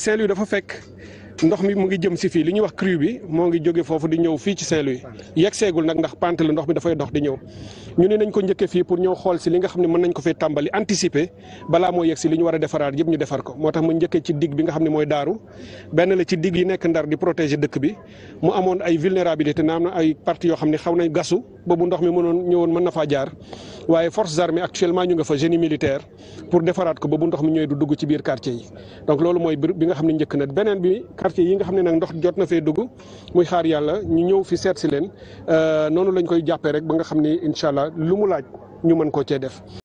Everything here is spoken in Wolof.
Saint-Louis dafa fekk ndox mi mu ngi jëm si fii li ñuy wax crue bi moo ngi jóge foofu di ñëw fii ci Saint-Louis yegg seegul nag ndax pante la ndox mi dafay dox di ñëw ñu ne nañ ko njëkkee fii pour ñëw xool si li nga xam ne mën nañ ko fee tàmbali anticiper balaa moo yegg si li ñu war a defaraat yëpp ñu defar ko moo tax mu njëkkee ci digg bi nga xam ne mooy daaru benn la ci digg yi nekk ndar di protéger dëkk bi mu amoon ay vulnérabilité na am na ay parties yoo xam ne xaw nañ gasu boobu mi mënoon ñëwoon mën na faa jaar waaye forces armées actuellement ñu nga fa génie militaire pour defaraat ko ba bu ndox mi ñooy du dugg ci biir quartier yi donc loolu mooy bi nga xam ne njëkk na beneen bi quartier yi nga xam ne nag ndox jot na fee dugg muy xaar yàlla ñu ñëw fi seet si leen euh, noonu lañ koy jàppee rek ba nga xam ni incha allah lu mu laaj ñu mën koo cee def